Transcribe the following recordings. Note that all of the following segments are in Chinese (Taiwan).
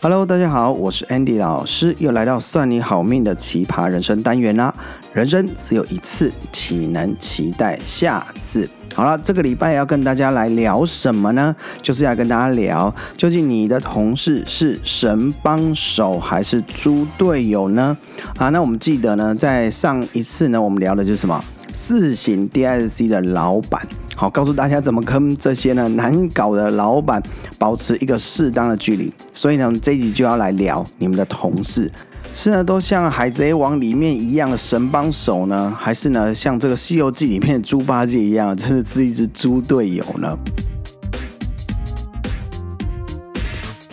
Hello，大家好，我是 Andy 老師，又來到算你好命的奇葩人生單元啦、啊。人生只有一次，豈能期待下次？好了，這個禮拜要跟大家來聊什麼呢？就是要跟大家聊，究竟你的同事是神幫手還是豬隊友呢？啊，那我們記得呢，在上一次呢，我們聊的就是什麼？四型 DISC 的老闆，好，告訴大家怎麼跟這些呢，難搞的老闆保持一個適當的距離。所以呢，這一集就要來聊你們的同事，是呢都像《海賊王》裡面一樣的神幫手呢，還是呢像這個《西遊記》裡面的豬八戒一樣，真的是一隻豬隊友呢？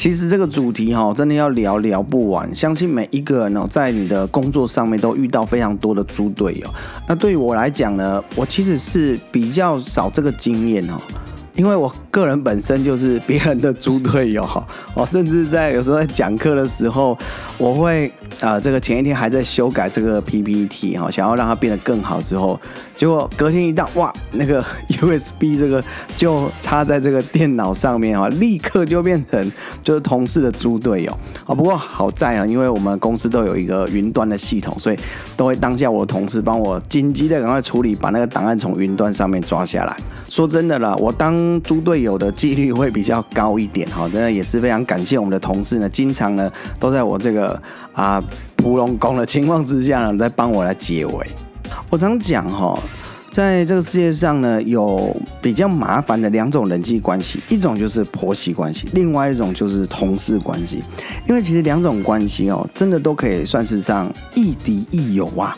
其實這個主題哈，真的要聊聊不完。相信每一個人哦，在你的工作上面都遇到非常多的豬隊友。那對於我來講呢，我其實是比較少這個經驗哦。因為我個人本身就是別人的豬隊友哈，我甚至在有時候在講課的時候，我會啊、呃、這個前一天還在修改這個 PPT 哈，想要讓它變得更好之後，結果隔天一到哇那個 USB 這個就插在這個電腦上面哈，立刻就變成就是同事的豬隊友啊。不過好在啊，因為我們公司都有一個雲端的系統，所以都會當下我的同事幫我緊急的趕快處理，把那個檔案從雲端上面抓下來。說真的啦，我當。豬隊友的幾率會比較高一點，哈，真的也是非常感謝我們的同事呢，經常呢都在我這個啊撲龍宮的情況之下呢，在幫我來解圍。我常講哈，在這個世界上呢，有比較麻煩的兩種人際關係，一種就是婆媳關係，另外一種就是同事關係。因為其實兩種關係哦，真的都可以算是上亦敵亦友啊。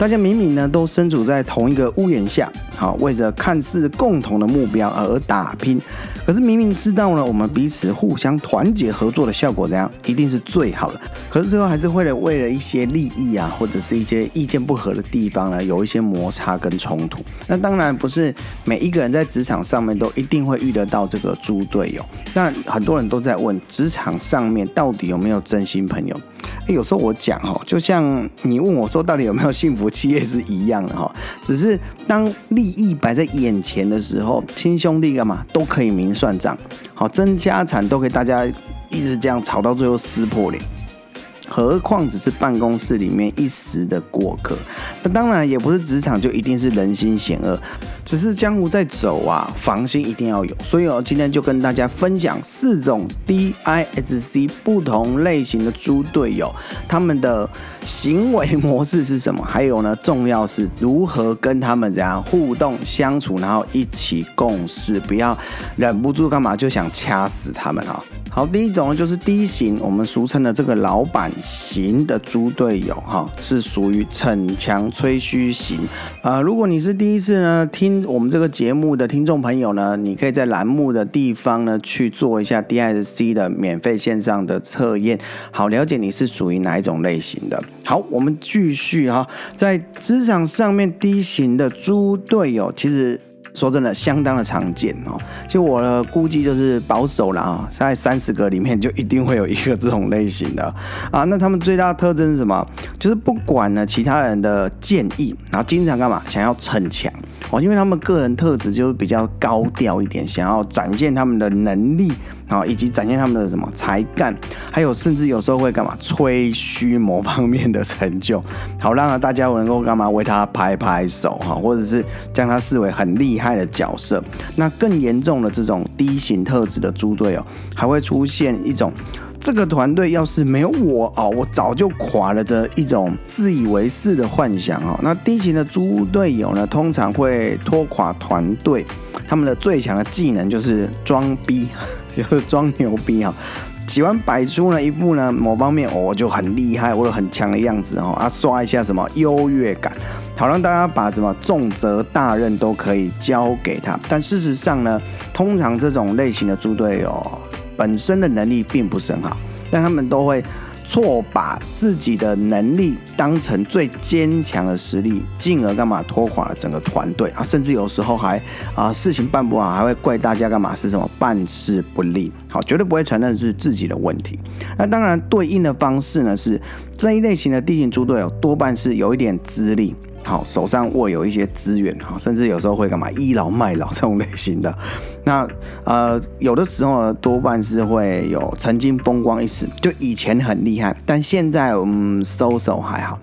大家明明呢都身處在同一個屋檐下，好為着看似共同的目標而打拼，可是明明知道呢，我們彼此互相團結合作的效果怎樣，一定是最好的。可是最後還是為了為了一些利益啊，或者是一些意見不合的地方呢，有一些摩擦跟衝突。那當然不是每一個人在職場上面都一定會遇得到這個豬隊友。那很多人都在問，職場上面到底有沒有真心朋友？有時候我講，就像你問我說到底有沒有幸福企業是一樣的，只是當利益擺在眼前的時候，親兄弟幹嘛都可以明算賬，好爭家產都可以，大家一直這樣吵到最後撕破臉，何況只是辦公室裡面一時的過客，那當然也不是職場就一定是人心險惡。只是江湖在走啊，防心一定要有。所以哦，今天就跟大家分享四種 DISC 不同類型的豬隊友，他們的行為模式是什麼？還有呢，重要是如何跟他們這樣互動相處，然後一起共事，不要忍不住幹嘛就想掐死他們啊、哦！好，第一種呢就是 D 型，我們俗稱的這個老闆型的豬隊友哈、哦，是屬於逞強吹噓型啊、呃。如果你是第一次呢聽。我們這個節目的聽眾朋友呢，你可以在欄目的地方呢去做一下 DISC 的免費線上的測驗，好了解你是屬於哪一種類型的。好，我們繼續哈、哦，在職場上面 D 型的豬隊友其實。說真的，相當的常見哦。就我呢估計，就是保守了啊、哦，在三十個裡面就一定會有一個這種類型的啊。那他們最大的特徵是什麼？就是不管呢其他人的建議，然後經常幹嘛？想要逞強哦，因為他們個人特質就是比較高調一點，想要展現他們的能力，啊、哦，以及展現他們的什麼才幹，還有甚至有時候會幹嘛？吹噓某方面的成就，好，讓大家能夠幹嘛？為他拍拍手哈，或者是將他視為很厲害。害的角色，那更嚴重的這種 D 型特質的豬隊友，還會出現一種，這個團隊要是沒有我哦，我早就垮了的一種自以為是的幻想哦。那 D 型的豬隊友呢，通常會拖垮團隊，他們的最強的技能就是裝逼，就是裝牛逼啊、哦。喜歡擺出呢一副呢某方面我、哦、就很厲害，或者很強的樣子哦，啊刷一下什麼優越感，好讓大家把什麼重責大任都可以交給他。但事實上呢，通常這種類型的豬隊友本身的能力並不是很好，但他們都會。錯把自己的能力當成最堅強的實力，進而幹嘛拖垮了整個團隊啊？甚至有時候還啊、呃、事情辦不好，還會怪大家幹嘛？是什麼辦事不力？好，絕對不會承認是自己的問題。那當然，對應的方式呢，是這一類型的地形豬隊友、哦、多半是有一點資歷。好，手上握有一些資源哈，甚至有時候會幹嘛倚老賣老，這種類型的，那呃有的時候多半是會有曾經風光一時，就以前很厲害，但現在嗯收手還好，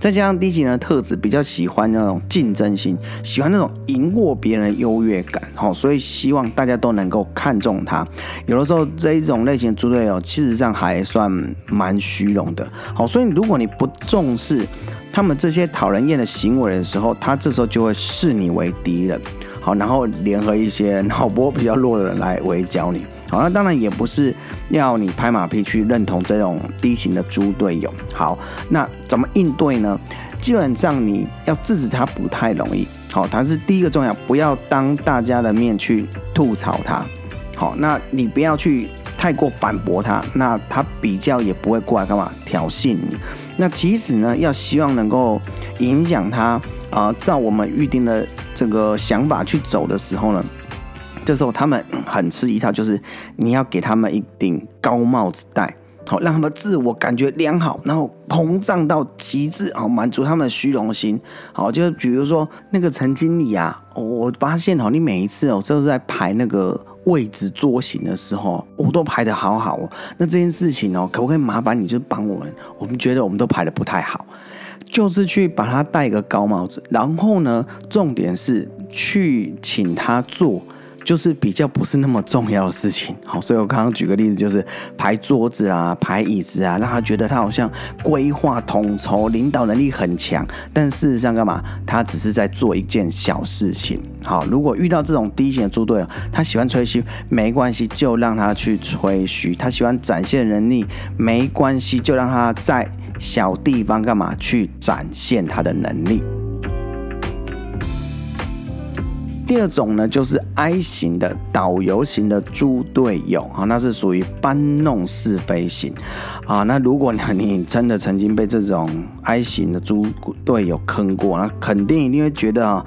再加上 D 型人的特質比較喜歡那種競爭心，喜歡那種贏過別人優越感，所以希望大家都能夠看重他，有的時候這一種類型的豬隊友其實上還算蠻虛榮的，好，所以如果你不重視他們這些討人厭的行為的時候，他這時候就會視你為敵人，好，然後聯合一些腦波比較弱的人來圍剿你，好，那當然也不是要你拍馬屁去認同這種低級的豬隊友，好，那怎麼應對呢？基本上你要制止他不太容易，好，它是第一個重要，不要當大家的面去吐槽他，好，那你不要去。太過反駁他，那他比較也不會過來幹嘛挑釁你。那其實呢，要希望能夠影響他啊、呃，照我們預定的這個想法去走的時候呢，這時候他們很吃一套，就是你要給他們一頂高帽子戴，好、哦、讓他們自我感覺良好，然後膨脹到極致，好、哦、滿足他們的虛榮心。好、哦，就比如說那個陳經理啊、哦，我發現哦，你每一次哦，就是在排那個。位置桌型的時候、哦，我都排得好好哦，那這件事情哦，可不可以麻煩你就幫我們？我們覺得我們都排得不太好，就是去把他戴個高帽子，然後呢，重點是去請他做。就是比較不是那麼重要的事情，好，所以我剛剛舉個例子，就是排桌子啊、排椅子啊，讓他覺得他好像規劃統籌、領導能力很強，但事實上幹嘛？他只是在做一件小事情。好，如果遇到這種低級的豬隊友，他喜歡吹噓，沒關係，就讓他去吹噓；他喜歡展現能力，沒關係，就讓他在小地方幹嘛？去展現他的能力。第二種呢，就是 I 型的導遊型的豬隊友啊、哦，那是屬於搬弄是非型啊、哦。那如果你真的曾經被這種 I 型的豬隊友坑過，那肯定一定會覺得啊、哦，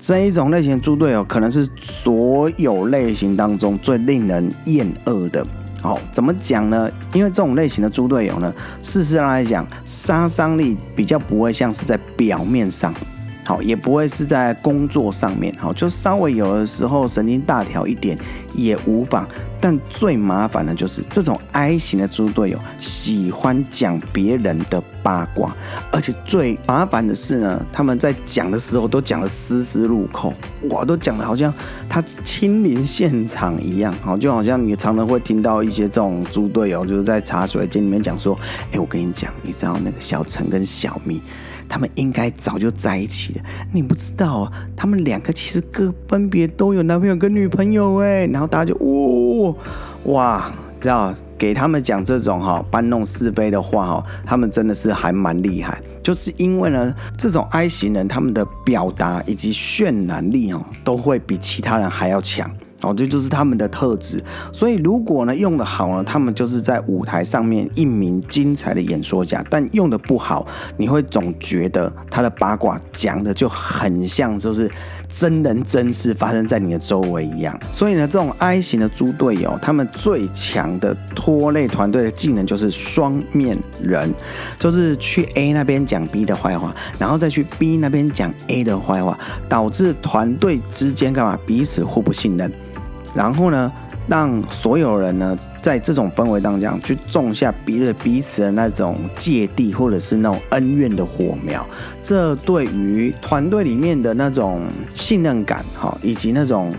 這一種類型的豬隊友可能是所有類型當中最令人厭惡的。哦。怎麼講呢？因為這種類型的豬隊友呢，事實上來講，殺傷力比較不會像是在表面上。好，也不會是在工作上面，好，就稍微有的時候神經大條一點也無妨。但最麻煩的就是這種 I 型的豬隊友，喜歡講別人的八卦，而且最麻煩的是呢，他們在講的時候都講的絲絲入扣，哇，都講的好像他親臨現場一樣，好，就好像你常常會聽到一些這種豬隊友就是在茶水間裡面講說，哎、欸，我跟你講，你知道那個小陳跟小咪，他們應該早就在一起了，你不知道，哦，他們兩個其實各分別都有男朋友跟女朋友誒，然後大家就哇，哦哦哦，哇，你知道，給他們講這種哈，哦，搬弄是非的話哈，哦，他們真的是還蠻厲害，就是因為呢，這種 I 型人他們的表達以及渲染力哦，都會比其他人還要強。哦，這就是他們的特質。所以如果呢用得好呢，他們就是在舞台上面一名精彩的演說家。但用得不好，你會總覺得他的八卦講得就很像就是真人真事發生在你的周圍一樣。所以呢，這種 I 型的豬隊友，他們最強的拖累團隊的技能就是雙面人，就是去 A 那邊講 B 的壞話，然後再去 B 那邊講 A 的壞話，導致團隊之間幹嘛彼此互不信任。然後呢，讓所有人呢，在這種氛圍當中，去種下彼此彼此的那種芥蒂，或者是那種恩怨的火苗，這對於團隊裡面的那種信任感哈，以及那種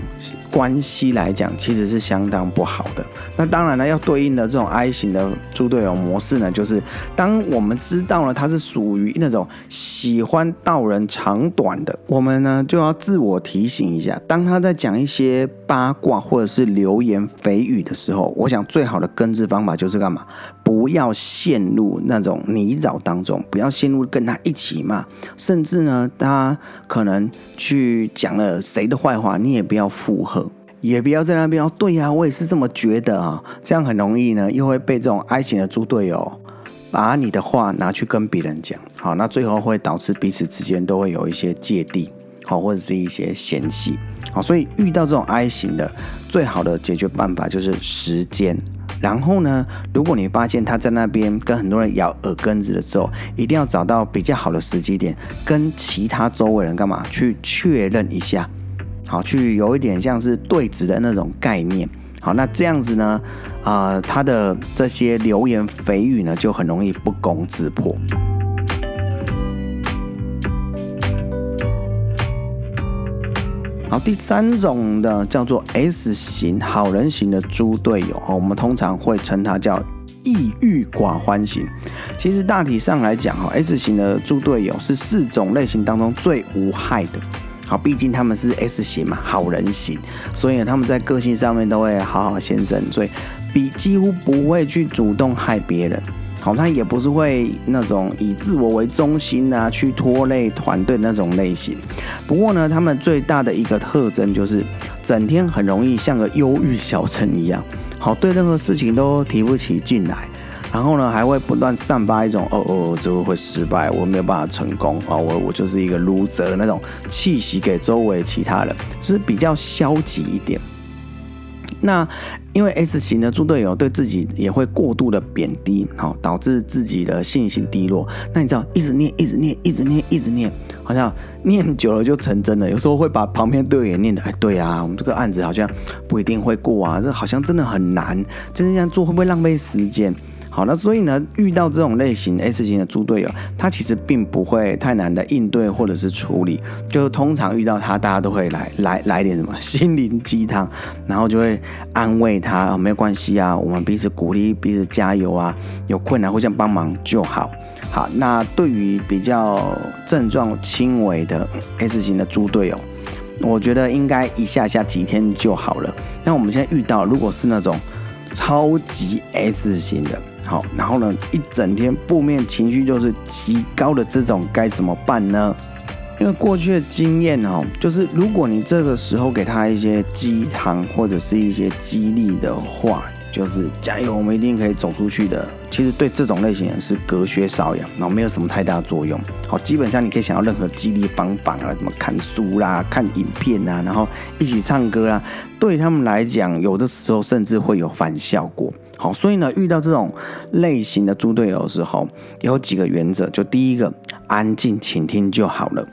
關係來講，其實是相當不好的。那當然呢，要對應的這種 I 型的豬隊友模式呢，就是當我們知道了他是屬於那種喜歡道人長短的，我們呢就要自我提醒一下，當他在講一些八卦或者是流言蜚語的時候，我想。最好的根治方法就是幹嘛？不要陷入那種泥沼當中，不要陷入跟他一起罵，甚至呢，他可能去講了誰的壞話，你也不要附和，也不要在那邊對呀、啊，我也是這麼覺得啊、哦，這樣很容易呢，又會被這種 I 型的豬隊友把你的話拿去跟別人講，好，那最後會導致彼此之間都會有一些芥蒂，好，或者是一些嫌隙，好，所以遇到這種 I 型的。最好的解決辦法就是時間。然後呢，如果你發現他在那邊跟很多人咬耳根子的時候，一定要找到比較好的時機點，跟其他周圍人幹嘛去確認一下，好，去有一點像是對質的那種概念。好，那這樣子呢，啊、呃，他的這些流言蜚語呢，就很容易不攻自破。好，第三種的叫做 S 型好人型的豬隊友哦，我們通常會稱它叫抑鬱寡歡型。其實大體上來講 S 型的豬隊友是四種類型當中最無害的。好，畢竟他們是 S 型嘛，好人型，所以他們在個性上面都會好好先生，所以比幾乎不會去主動害別人。好，他也不是會那種以自我為中心啊，去拖累團隊那種類型。不過呢，他們最大的一個特徵就是，整天很容易像個憂鬱小城一樣，好，對任何事情都提不起勁來。然後呢，還會不斷散發一種哦哦哦，就、哦、會失敗，我沒有辦法成功啊、哦，我我就是一個 loser 那種氣息給周圍其他人，就是比較消極一點。那因為 S 型的豬隊友對自己也會過度的貶低，好，導致自己的信心低落。那你知道，一直念，一直念，一直念，一直念，好像念久了就成真了。有時候會把旁邊隊友也念的，哎，對啊，我們這個案子好像不一定會過啊，這好像真的很難，真的這樣做會不會浪費時間？好，那所以呢，遇到這種類型的 S 型的豬隊友，他其實並不會太難的應對或者是處理，就是通常遇到他，大家都會來來來點什麼心靈雞湯，然後就會安慰他，啊、沒關係啊，我們彼此鼓勵，彼此加油啊，有困難互相幫忙就好。好，那對於比較症狀輕微的 S 型的豬隊友，我覺得應該一下下幾天就好了。那我們現在遇到，如果是那種超級 S 型的。好，然後呢，一整天負面情緒就是極高的這種，該怎麼辦呢？因為過去的經驗哦、喔，就是如果你這個時候給他一些雞湯或者是一些激勵的話。就是加油，我們一定可以走出去的。其實對這種類型人是隔靴搔癢，然後沒有什麼太大作用。好，基本上你可以想到任何激勵方法啊，什麼看書啦、看影片啊，然後一起唱歌啊，對他們來講，有的時候甚至會有反效果。好，所以呢，遇到這種類型的豬隊友的時候，有幾個原則：就第一個，安靜傾聽就好了，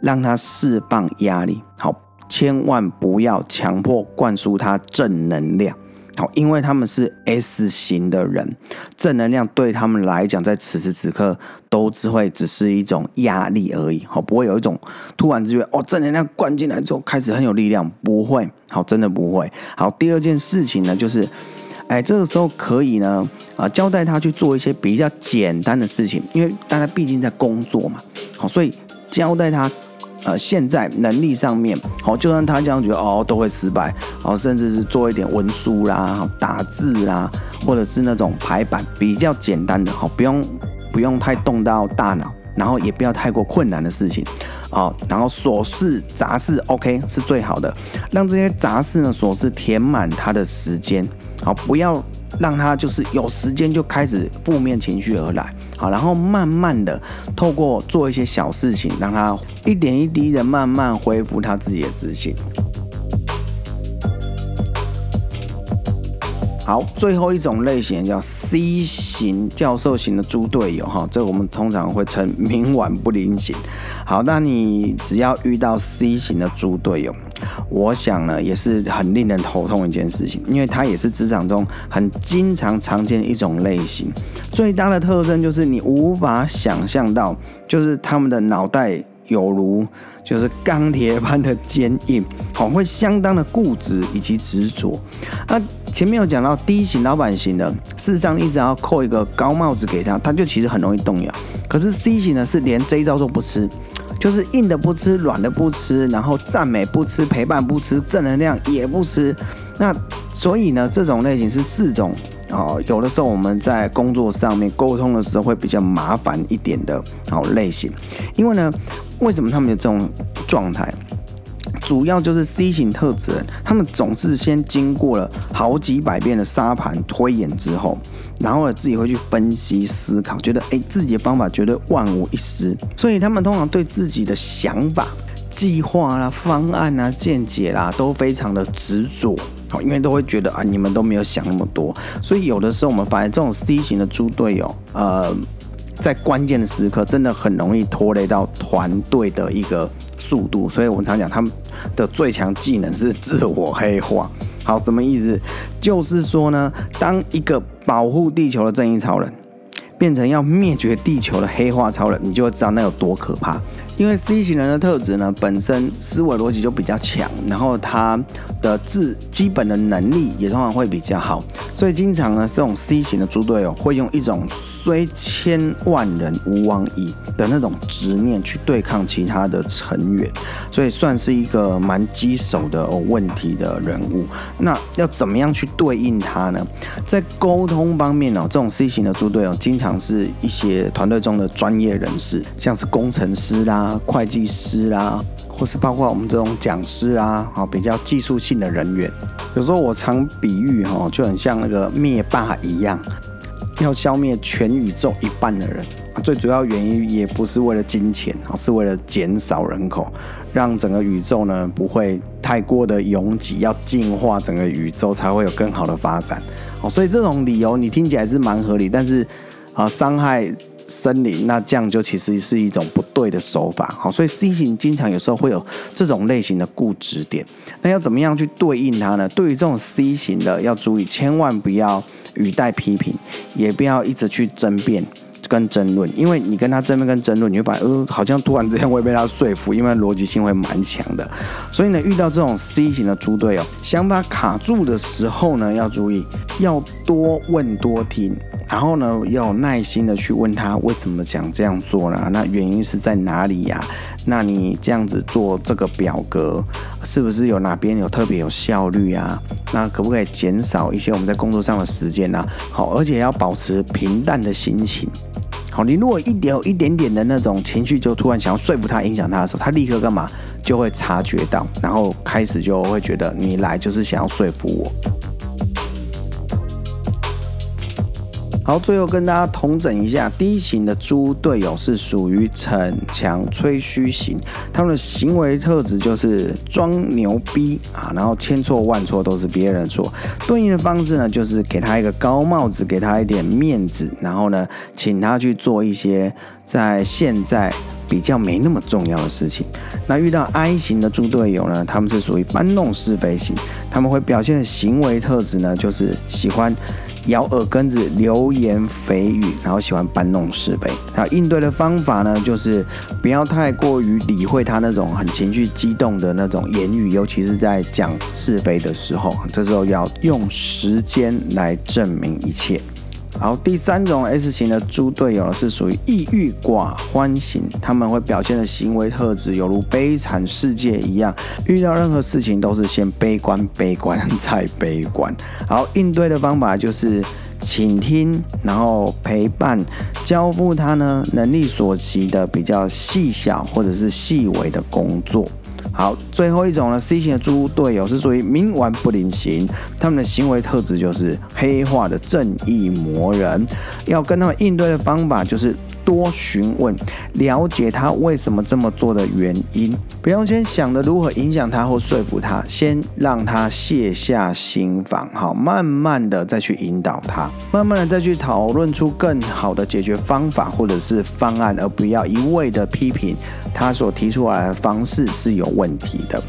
讓他釋放壓力。好，千萬不要強迫灌輸他正能量。好，因為他們是 S 型的人，正能量對他們來講，在此時此刻都只會只是一種壓力而已，好，不會有一種突然之間哦，正能量灌進來之後開始很有力量，不會，好，真的不會。好，第二件事情呢，就是，哎、欸，這個時候可以呢，啊、呃，交代他去做一些比較簡單的事情，因為大家畢竟在工作嘛，好，所以交代他。呃，現在能力上面，好、哦，就算他這樣覺得哦，都會失敗，哦，甚至是做一點文書啦、打字啦，或者是那種排版比較簡單的，好、哦，不用不用太動到大腦，然後也不要太過困難的事情，哦，然後瑣事雜事，OK，是最好的，讓這些雜事呢瑣事填滿他的時間，好、哦，不要。讓他就是有時間就開始負面情緒而來，好，然後慢慢的透過做一些小事情，讓他一點一滴的慢慢恢復他自己的自信。好，最後一種類型叫 C 型教授型的豬隊友哈，這我們通常會稱冥頑不靈型。好，那你只要遇到 C 型的豬隊友。我想呢，也是很令人頭痛一件事情，因為他也是職場中很經常常見的一種類型。最大的特徵就是你無法想象到，就是他們的腦袋有如就是鋼鐵般的堅硬，好，會相當的固執以及執着。那前面有講到 D 型老闆型的，事實上一直要扣一個高帽子給他，他就其實很容易動搖。可是 C 型呢，是連這一招都不吃。就是硬的不吃，軟的不吃，然後讚美不吃，陪伴不吃，正能量也不吃。那所以呢，這種類型是四種哦，有的時候我們在工作上面溝通的時候會比較麻煩一點的，哦，類型。因為呢，為什麼他們有這種狀態？主要就是 C 型特質人，他們總是先經過了好幾百遍的沙盤推演之後，然後呢，自己會去分析思考，覺得誒、欸、自己的方法絕對萬無一失，所以他們通常對自己的想法、計劃啦、方案啊、見解啊，都非常的執着，因為都會覺得啊，你們都沒有想那麼多，所以有的時候我們發現這種 C 型的豬隊友，呃，在關鍵的時刻真的很容易拖累到團隊的一個速度，所以我們常講他們的最強技能是自我黑化。好，什麼意思？就是說呢，當一個保護地球的正義超人變成要滅絕地球的黑化超人，你就會知道那有多可怕。因為 C 型人的特質呢，本身思維邏輯就比較強，然後他的自基本的能力也通常會比較好，所以經常呢，這種 C 型的豬隊友會用一種雖千萬人吾往矣的那種執念去對抗其他的成員，所以算是一個蠻棘手的、哦、問題的人物。那要怎麼樣去對應他呢？在溝通方面哦，這種 C 型的豬隊友經常是一些團隊中的專業人士，像是工程師啦。啊，會計師啦、啊，或是包括我們這種講師啊，啊，比較技術性的人員，有時候我常比喻哈、啊，就很像那個滅霸一樣，要消滅全宇宙一半的人。啊、最主要原因也不是為了金錢、啊、是為了減少人口，讓整個宇宙呢不會太過的擁擠，要淨化整個宇宙才會有更好的發展。哦、啊，所以這種理由你聽起來是蠻合理，但是啊，傷害。森林，那這樣就其實是一種不對的手法，好，所以 C 型經常有時候會有這種類型的固執點，那要怎麼樣去對應它呢？對於這種 C 型的，要注意千萬不要語帶批評，也不要一直去爭辯跟爭論，因為你跟他爭辯跟爭論，你會發現呃，好像突然之間會被他說服，因為邏輯性會蠻強的。所以呢，遇到這種 C 型的豬隊友，想把它卡住的時候呢，要注意要多問多聽。然後呢，要耐心的去問他為什麼想這樣做呢？那原因是在哪裡呀？那你這樣子做這個表格，是不是有哪邊有特別有效率啊？那可不可以減少一些我們在工作上的時間呢？好，而且要保持平淡的心情。好，你如果一點有一點點的那種情緒，就突然想要說服他、影響他的時候，他立刻幹嘛？就會察覺到，然後開始就會覺得你來就是想要說服我。好，最後跟大家統整一下，D 型的豬隊友是屬於逞強吹噓型，他們的行為特質就是裝牛逼啊，然後千錯萬錯都是別人的錯。對應的方式呢，就是給他一個高帽子，給他一點面子，然後呢，請他去做一些在現在比較沒那麼重要的事情。那遇到 I 型的豬隊友呢，他們是屬於搬弄是非型，他們會表現的行為特質呢，就是喜歡。咬耳根子、流言蜚語，然後喜歡搬弄是非。那應對的方法呢，就是不要太過於理會他那種很情緒激動的那種言語，尤其是在講是非的時候，這時候要用時間來證明一切。好，第三種 S 型的豬隊友呢，是屬於抑鬱寡歡型，他們會表現的行為特質猶如悲慘世界一樣，遇到任何事情都是先悲觀、悲觀再悲觀。然後應對的方法就是傾聽，然後陪伴，交付他呢能力所及的比較細小或者是細微的工作。好，最後一種呢，C 型的豬隊友是屬於冥頑不靈型，他們的行為特質就是黑化的正義魔人，要跟他們應對的方法就是。多詢問，了解他為什麼這麼做的原因，不要先想着如何影響他或說服他，先讓他卸下心防。好，慢慢的再去引導他，慢慢的再去討論出更好的解決方法或者是方案，而不要一味的批評他所提出來的方式是有問題的。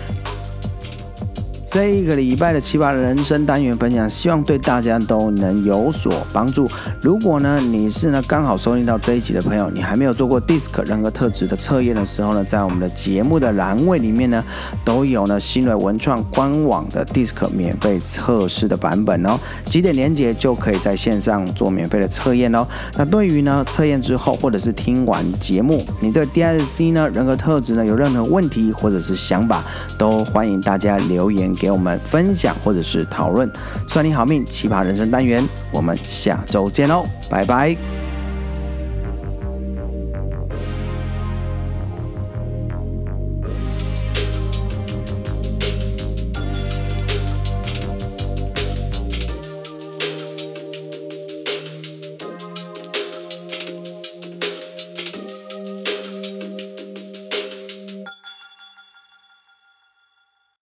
這一個禮拜的奇葩人生單元分享，希望對大家都能有所幫助。如果呢你是呢剛好收聽到這一集的朋友，你還沒有做過 DISC 人格特質的測驗的時候呢，在我們的節目的欄位裡面呢，都有呢心惢文創官網的 DISC 免費測試的版本哦，幾點連接就可以在線上做免費的測驗哦。那對於呢測驗之後，或者是聽完節目，你對 DISC 呢人格特質呢有任何問題或者是想法，都歡迎大家留言給。給我們分享或者是討論。算你好命、奇葩人生單元，我們下周見嘍、哦，拜拜。